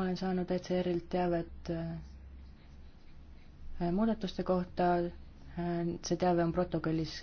olen saanud ECR-ilt teavet äh, muudatuste kohta, äh, see teave on protokollis äh,